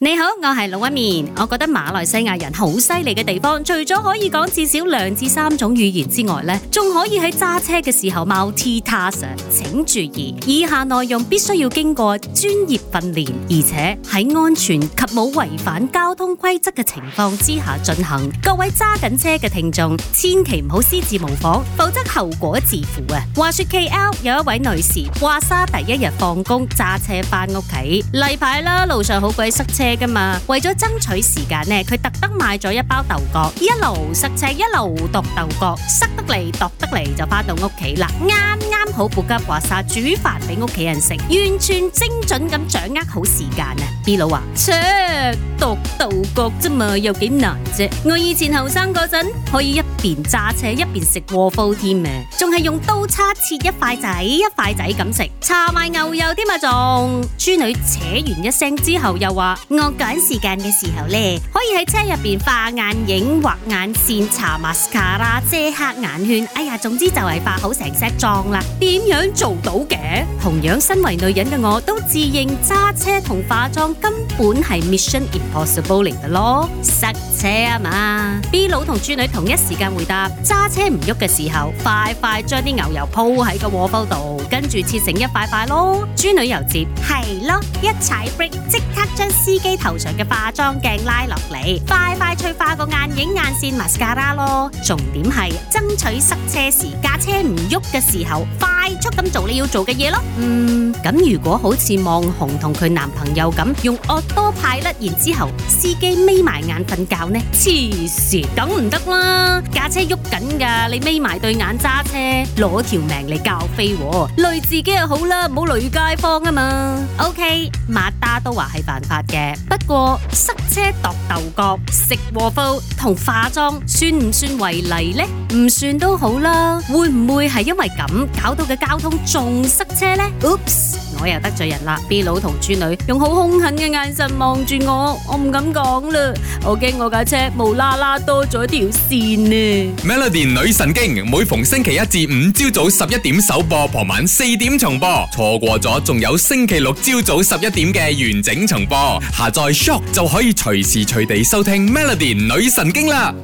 你好，我係龍紋敏。我覺得馬來西亞人好犀利嘅地方，除咗可以講至少兩至三種語言之外，呢仲可以喺揸車嘅時候 multi-task。請注意，以下內容必須要經過專業訓練，而且喺安全及冇違反交通規則嘅情況之下進行。各位揸緊車嘅聽眾，千祈唔好私自模仿，否則後果自負啊！話說 K L 有一位女士，華沙第一日放工，揸車翻屋企，例牌啦，路上好鬼塞車。嘅嘛，為咗爭取時間咧，佢特登買咗一包豆角，一路塞車，一路剁豆角，塞得嚟，剁得嚟就返到屋企啦。啱啱好補急話晒煮飯俾屋企人食，完全精準咁掌握好時間啊！啲佬話：切，啊，讀豆角啫嘛，有幾難啫啊？我以前後生嗰陣，可以一邊揸車一邊食 waffle 添啊，仲係用刀叉切一塊仔一塊仔咁食，搽埋牛油添啊，仲。豬女扯完一聲之後又話：我趕時間嘅時候呢，可以喺車入邊化眼影、畫眼線、搽 mascara、遮黑眼圈。哎呀，總之就係化好成 set 妝啦。點樣做到嘅？同樣身為女人嘅我都自認揸車同化妝。根本係 mission impossible 嚟噶咯，塞車啊嘛！B 佬同豬女同一時間回答：揸車唔喐嘅時候，快快將啲牛油鋪喺個鑊煲度，跟住切成一塊塊咯。豬女又接：係咯，一踩 brake，即刻將司機頭上嘅化妝鏡拉落嚟，快快脆化個眼影眼線 mascara 咯。重點係爭取塞車時，架車唔喐嘅時候，快速咁做你要做嘅嘢咯。嗯，咁如果好似望紅同佢男朋友咁。用惡多派甩，然之後司機眯埋眼瞓覺呢？痴線，梗唔得啦！架車喐緊噶，你眯埋對眼揸車，攞條命嚟教飛，累自己又好啦，唔好累街坊啊嘛。OK，馬達都話係犯法嘅，不過塞車度豆角、食窩夫同化妝算唔算違例呢？唔算都好啦，會唔會係因為咁搞到嘅交通仲塞車呢？Oops，我又得罪人啦！B 佬同豬女用好胸。嘅眼神望住我，我唔敢講啦。我驚我架車無啦啦多咗一條線呢。Melody 女神經，每逢星期一至五朝早十一點首播，傍晚四點重播，錯過咗仲有星期六朝早十一點嘅完整重播。下載 shop 就可以隨時隨地收聽 Melody 女神經啦。